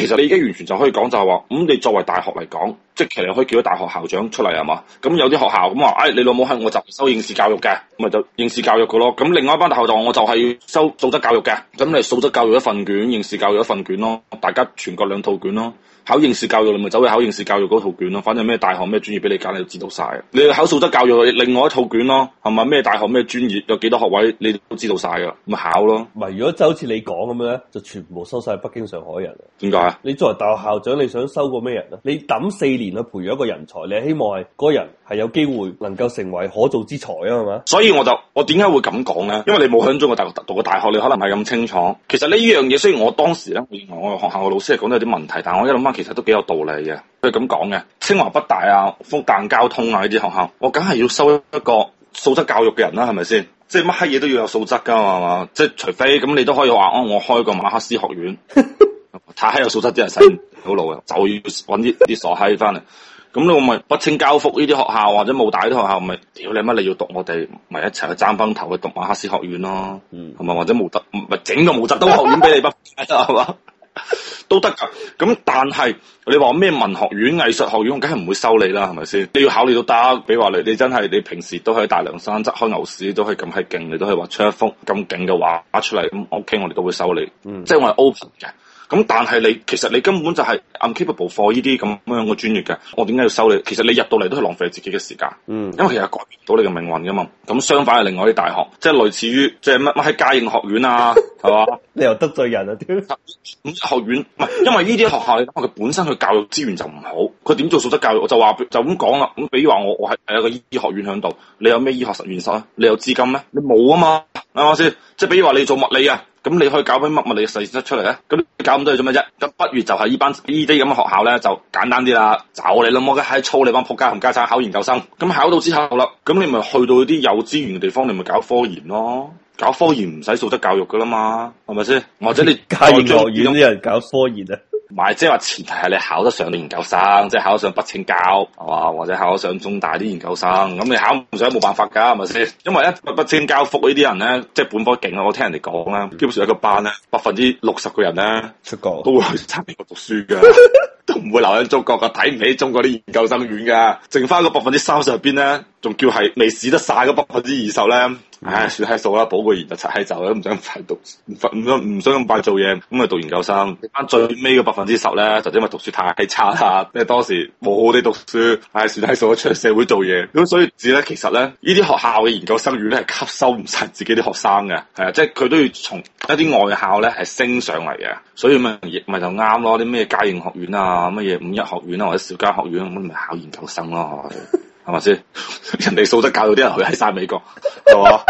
其實你已經完全就可以講就係話，咁你作為大學嚟講，即係其實你可以叫咗大學校長出嚟係嘛，咁有啲學校咁話，哎，你老母喺我就收應試教育嘅，咁咪就應試教育嘅咯，咁另外一班大學就話，我就係收素質教育嘅，咁你素質教育一份卷，應試教育一份卷咯，大家全國兩套卷咯。考應試教育你咪走去考應試教育嗰套卷咯，反正咩大學咩專業俾你揀，你都知道晒。你去考素質教育去另外一套卷咯，係咪？咩大學咩專業有幾多學位，你都知道晒噶，咪考咯。唔係如果就好似你講咁樣咧，就全部收晒北京上海人。點解啊？你作為大學校長，你想收個咩人啊？你揼四年去培養一個人才，你希望係嗰人係有機會能夠成為可造之才啊嘛？是是所以我就我點解會咁講咧？因為你冇響中國大學讀過大學，你可能唔係咁清楚。其實呢樣嘢雖然我當時咧，我同我學校嘅老師嚟講有啲問題，但我一諗其實都幾有道理嘅，佢咁講嘅，清華北大啊，復旦交通啊呢啲學校，我梗係要收一個素質教育嘅人啦，係咪先？即係乜嘢都要有素質噶嘛，即係除非咁，你都可以話哦，我開個馬克思學院， 太閪有素質啲人使唔到路啊，走要揾啲啲傻閪翻嚟。咁咧，我咪北清交付呢啲學校或者武大呢啲學校咪，屌你乜你要讀我哋咪一齊去爭崩頭去讀馬克思學院咯，啊，嗯，同埋或者毛澤咪整個毛澤東學院俾你不，係嘛？都得噶，咁但係你話咩文學院、藝術學院，我梗係唔會收你啦，係咪先？你要考慮到得，比如話你你真係你平時都喺大涼山執開牛屎，都係咁係勁，你都係畫出一幅咁勁嘅畫出嚟，咁 OK，我哋都會收你，嗯、即係我係 open 嘅。咁但係你其實你根本就係 uncapable for 呢啲咁樣嘅專業嘅，我點解要收你？其實你入到嚟都係浪費自己嘅時間，嗯、因為其實改變到你嘅命運噶嘛。咁相反係另外啲大學，即係類似於即係乜乜喺嘉應學院啊，係嘛 吧？ 你又得罪人啊？點？ 學院唔係，因為呢啲學校你佢 本身佢教育資源就唔好，佢點做素質教育？我就話就咁講啦。咁比如話我我喺誒一個醫學院喺度，你有咩醫學實驗室啊？你有資金咩？你冇啊嘛，係啱先？即、就、係、是、比如話你做物理啊？咁你可以搞啲乜乜嘢事，得出嚟咧？咁你搞咁多嘢做咩啫？咁不如就係依班依啲咁嘅學校咧，就簡單啲啦。就你老母嘅喺操你班仆街冚家鏟考研究生。咁考到之後啦，咁你咪去到啲有資源嘅地方，你咪搞科研咯。搞科研唔使素質教育噶啦嘛，係咪先？或者你係學院啲人搞科研啊？買，即係話前提係你考得上啲研究生，即係考得上北清教係嘛、啊，或者考得上中大啲研究生。咁你考唔上冇辦法噶，係咪先？因為咧北清教服呢啲人咧，即係本科勁啊！我聽人哋講啦，基本上一個班咧，百分之六十個人咧出國，都會去差外國讀書噶，都唔會留喺中國噶、啊，睇唔起中國啲研究生院噶。剩翻個百分之三十入邊咧，仲叫係未試得晒嗰百分之二十咧。唉，哎、算係數啦，保個研就拆閪就，啦，唔想咁快讀，唔想唔想咁快做嘢，咁咪讀研究生，翻最尾嘅百分之十咧，就因為讀書太差啦，即係當時冇我哋讀書唉，算係數咗出嚟社會做嘢，咁所以至咧其實咧，呢啲學校嘅研究生院咧係吸收唔晒自己啲學生嘅，係啊，即係佢都要從一啲外校咧係升上嚟嘅，所以咪亦咪就啱咯，啲咩嘉應學院啊，乜嘢五一學院啊，或者小家學院咁咪考研究生咯。 係咪先？是是人哋素質教育啲人去睇晒美國，係嘛？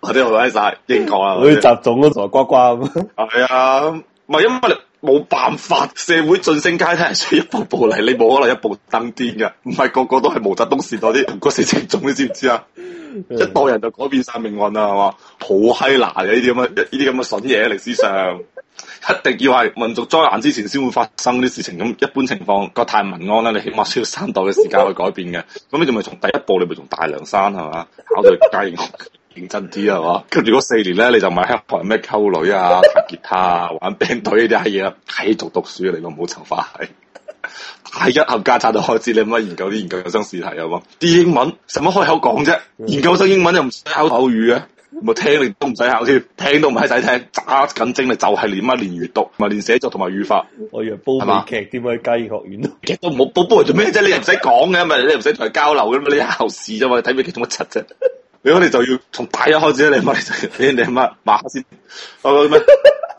或者 去睇晒英國啊？佢 集種嗰傻瓜瓜咁。係啊，唔係因為你冇辦法，社會晉升階梯係需要一步步嚟，你冇可能一步登天噶。唔係個個都係毛澤東時代啲嗰四情種，你知唔知啊？ 一代人就改變晒命運啦，係嘛？好閪難嘅呢啲咁嘅呢啲咁嘅筍嘢喺歷史上。一定要係民族災難之前先會發生啲事情咁，一般情況國泰民安咧，你起碼需要三代嘅時間去改變嘅。咁你仲咪從第一步，你咪從大涼山係嘛，考對雞，認真啲係嘛。跟住嗰四年咧，你就唔係咩溝女啊、彈吉他啊、玩 band 隊呢啲閪嘢，繼續讀，讀書嚟唔好籌化係。第一後家差就開始，你乜 研究啲研究生試題啊嘛？啲英文，使乜開口講啫？研究生英文又唔使開口語啊？冇係聽你都唔使考先，聽都唔係使聽，揸緊精力就係練乜練閱讀，同埋練寫作同埋語法。我以為煲粵劇吧，點解雞學院都劇都冇煲煲嚟做咩啫？你又唔使講嘅，咪你又唔使同佢交流嘅，你考試啫嘛？睇咩其中乜七啫？你 果你就要從大一開始咧，你咪你你咪話先，我咁樣。Okay,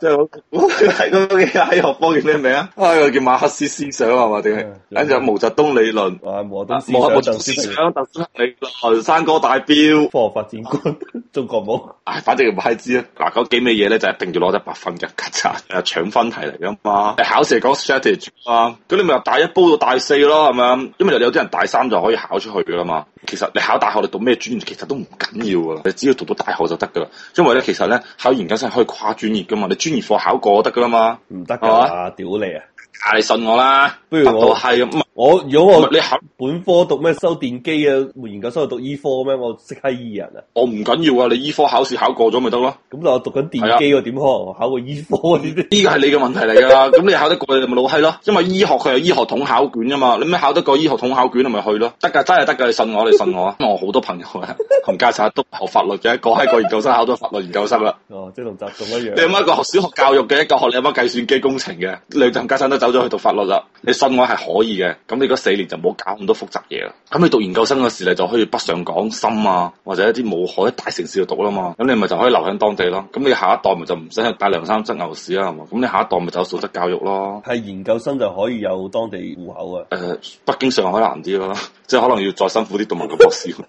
即 係、哦哎、我喺嗰幾日喺學科叫咩名啊？啊，叫馬克思思想係嘛？定係跟住毛澤東理論。啊，毛澤東思想。斯毛澤東思想，你個山哥大標。科學發展觀，中國冇。唉、哎，反正唔係知啊。嗱，嗰幾咩嘢咧，就一定要攞得百分嘅，咔搶分題嚟噶嘛。你考試係講 strategy 啊，咁你咪由大一煲到大四咯，係咪啊？因為又有啲人大三就可以考出去噶嘛。其實你考大學你讀咩專業，其實都唔緊要噶啦。你只要讀到大學就得噶啦。因為咧，其實咧，考研究生係可以跨專業噶嘛。你專,專,專科考過得噶啦嘛，唔得噶嘛，屌你啊，啊！你信我啦，不如我係我如果我唔係你本科讀咩修電機嘅，研究生去讀醫科咩？我識係醫人啊！我唔緊要啊，你醫科考試考過咗咪得咯？咁我讀緊電機，我點可能考個醫科呢啲？呢個係你嘅問題嚟噶，咁你考得過，你就咪老閪咯。因為醫學佢有醫學統考卷噶嘛，你咩考得過醫學統考卷，咪去咯？得噶，真係得噶，你信我，你信我。因為我好多朋友啊，同家生都學法律嘅，一個係個研究生考到法律研究生啦。哦，即係同習咁一樣。你有一個學小學教育嘅，一個學你有乜計算機工程嘅，你陣家生都走咗去讀法律啦。你信我係可以嘅。咁你嗰四年就唔好搞咁多複雜嘢啦。咁你讀研究生嘅時你就可以北上廣深啊，或者一啲武漢大城市度讀啦嘛。咁你咪就可以留喺當地咯。咁你下一代咪就唔使大涼山執牛屎啦，係嘛？咁你下一代咪就有素質教育咯。係研究生就可以有當地戶口啊？誒、呃，北京、上海難啲咯， 即係可能要再辛苦啲讀埋個博士。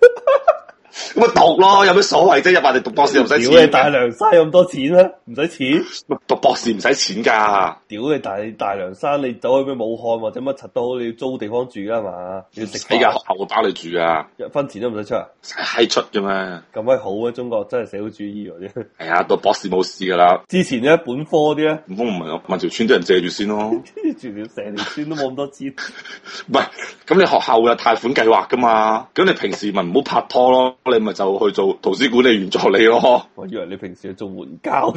咁咪讀咯，有咩所謂啫？入埋嚟讀博士又唔使錢。屌你大良山咁多錢啊？唔使錢？唔讀博士唔使錢噶？屌你大大良山，你走去咩武漢或者乜柒都好，你要租地方住噶嘛？要食？你間學校包你住啊？一分錢都唔使出啊？係出噶咩？咁咪好啊？中國真係社會主義嗰啲。係啊，讀博士冇事噶啦。之前咧本科啲咧，唔科唔係我問條村啲人借住先咯。住成條村都冇咁多錢。唔係， 咁你學校會有貸款計劃噶嘛？咁你平時咪唔好拍拖咯。你咪就去做圖書管理員助理咯，我以為你平時做援交，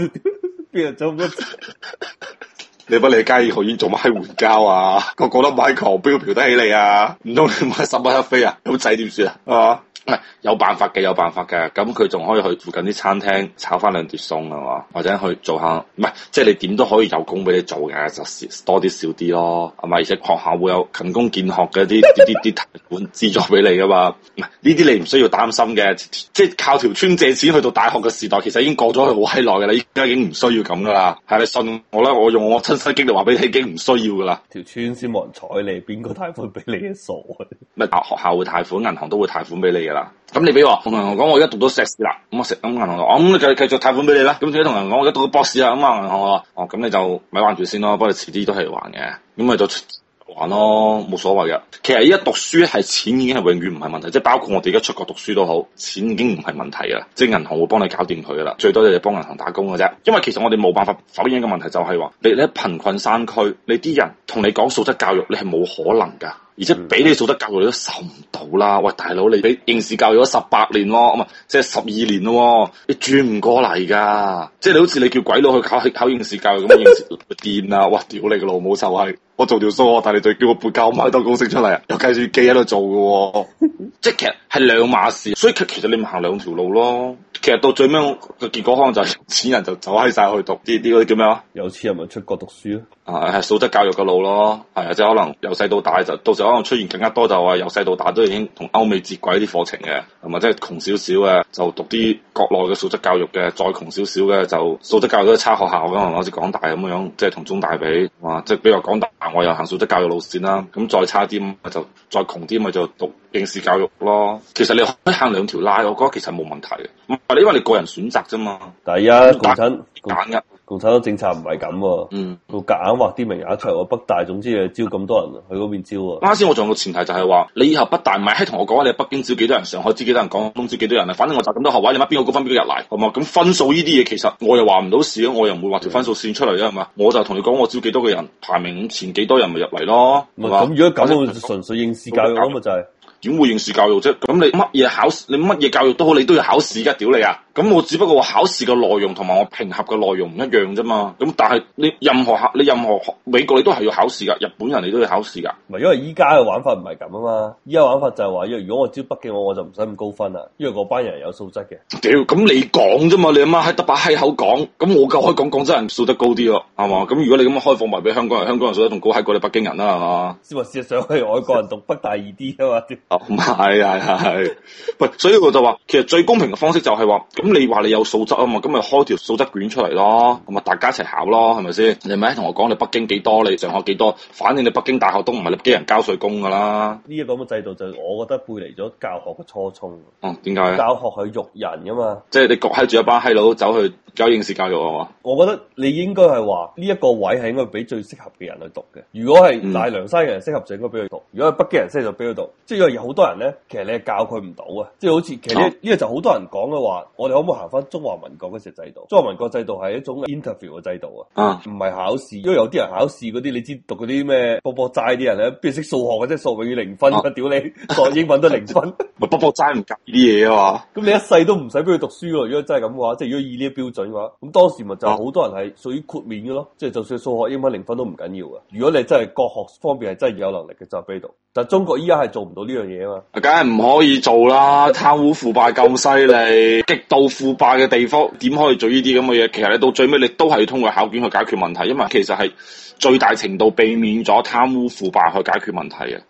邊人做乜？ 你不你家醫學院做乜喺援交啊？個個都買狂飆嫖得起你啊？唔通你買十蚊一飛啊？有仔點算啊？啊，係有辦法嘅，有辦法嘅。咁佢仲可以去附近啲餐廳炒翻兩碟餸啊嘛，或者去做下，唔、嗯、係即係你點都可以有工俾你做嘅，就多啲少啲咯，係、嗯、咪？而且學校會有勤工儉學嘅啲啲啲款資助俾你噶嘛？唔係呢啲你唔需要擔心嘅，即係靠條村借錢去到大學嘅時代，其實已經過咗去好閪耐噶啦，依家已經唔需要咁噶啦。係你信我啦，我用我資金就話俾你，已經唔需要噶啦。條村先冇人睬你，邊個貸款俾你傻啊？咩學校會貸款，銀行都會貸款俾你噶啦。咁你俾我同銀行講，我而家我讀到碩士啦，咁啊，咁銀行就咁，哦、你繼繼續貸款俾你啦。咁再同銀行講，我而家讀到博士啦，咁啊，銀行話哦，咁你就咪還住先咯，不過你遲啲都係還嘅。咁咪就。咯，冇所謂嘅。其實依家讀書係錢已經係永遠唔係問題，即係包括我哋而家出國讀書都好，錢已經唔係問題噶啦。即係銀行會幫你搞掂佢噶啦，最多你就幫銀行打工噶啫。因為其實我哋冇辦法否認一個問題就，就係話你喺貧困山區，你啲人同你講素質教育，你係冇可能噶，而且俾你素質教育你都受唔到啦。喂，大佬，你俾應試教育咗十八年咯，咁啊，即係十二年咯，你轉唔過嚟噶。即係你好似你叫鬼佬去考考應試教育咁，應試癲啊！哇，屌你個老母臭閪！我做條數，但係你仲叫我背交五萬當公式出嚟啊！有計數機喺度做嘅，哦， 即係其實係兩碼事，所以其實你咪行兩條路咯。其實到最尾嘅結果，可能就係錢人就走喺晒去讀啲啲嗰啲叫咩啊？有錢人咪出國讀書咯，啊，素質教育嘅路咯，係啊，即係可能由細到大就，到時候可能出現更加多就話由細到大都已經同歐美接軌啲課程嘅，同埋即係窮少少嘅就讀啲國內嘅素質教育嘅，再窮少少嘅就素質教育都係差學校噶，好似港大咁樣，即係同中大比，哇，即係比如講港大我又行素質教育路線啦，啊，咁再差啲咪就再窮啲咪就讀應試教育咯。其實你可以行兩條拉，我覺得其實冇問題嘅。因為你個人選擇啫嘛，但而家共產揀但共,共產黨政策唔係咁，佢夾、嗯、硬劃啲名額出嚟喎。我北大總之係招咁多人，去嗰邊招啊。啱先我仲有個前提就係話，你以後北大唔係喺同我講你北京招幾多人，上海招幾多人，廣東招幾多人啊？反正我就咁多，多學位，你乜邊個高分俾佢入嚟，係嘛？咁分數呢啲嘢，其實我又話唔到事啊，我又唔會畫條分數線出嚟啊，係嘛？我就同你講，我招幾多個人，排名前幾多人咪入嚟咯，係嘛？咁如果咁，純粹應試教育啊就係、是。.點會應試教育啫？咁你乜嘢考試，你乜嘢教育都好，你都要考試噶！屌你啊！咁我只不過考試嘅內容同埋我評核嘅內容唔一樣啫嘛，咁但係你任何客你任何美國你都係要考試噶，日本人你都要考試噶，唔係因為依家嘅玩法唔係咁啊嘛，依家玩法就係話，因為如果我招北嘅我我就唔使咁高分啦，因為嗰班人有素質嘅。屌，咁你講啫嘛，你阿媽喺得把閪口講，咁我夠可以講廣州人素質高啲咯，係嘛，咁如果你咁樣開放埋俾香港人，香港人素質仲高喺過你北京人啦，係嘛，事實上係外國人讀北大易 D 啊嘛，唔係係係，唔係，所以我就話，其實最公平嘅方式就係話。咁你話你有素質啊嘛，咁咪開條素質卷出嚟咯，咁咪大家一齊考咯，係咪先？你咪同我講你北京幾多，你上學幾多，反正你北京大學都唔係你幾人交稅工噶啦。呢一個咁嘅制度就我覺得背離咗教學嘅初衷。哦、嗯，點解咧？教學係育人噶嘛。即係你焗喺住一班閪佬走去。有應試教育啊嘛？我覺得你應該係話呢一個位係應該俾最適合嘅人去讀嘅。如果係大涼山嘅人適合，就應該俾佢讀；如果係北京人適合，俾佢讀。即係因為有好多人咧，其實你係教佢唔到啊。即係好似其實呢呢，就好多人講嘅話，我哋可唔可以行翻中華民國嗰時制度？中華民國制度係一種 interview 嘅制度啊，唔係考試。因為有啲人考試嗰啲，你知讀嗰啲咩？卜卜齋啲人咧，邊識數學嘅，即係數英語零分，屌你，學英文都零分，咪卜卜齋唔教呢啲嘢啊嘛？咁你一世都唔使俾佢讀書。如果真係咁嘅話，即係如果以呢啲標準。咁當時咪就好多人係屬於豁免嘅咯，即係就算數學、英文零分都唔緊要嘅。如果你真係國學方面係真係有能力嘅就喺度，但係中國依家係做唔到呢樣嘢啊嘛，梗係唔可以做啦！貪污腐敗咁犀利，極度腐敗嘅地方點可以做呢啲咁嘅嘢？其實你到最尾你都係要通過考卷去解決問題，因為其實係最大程度避免咗貪污腐敗去解決問題嘅。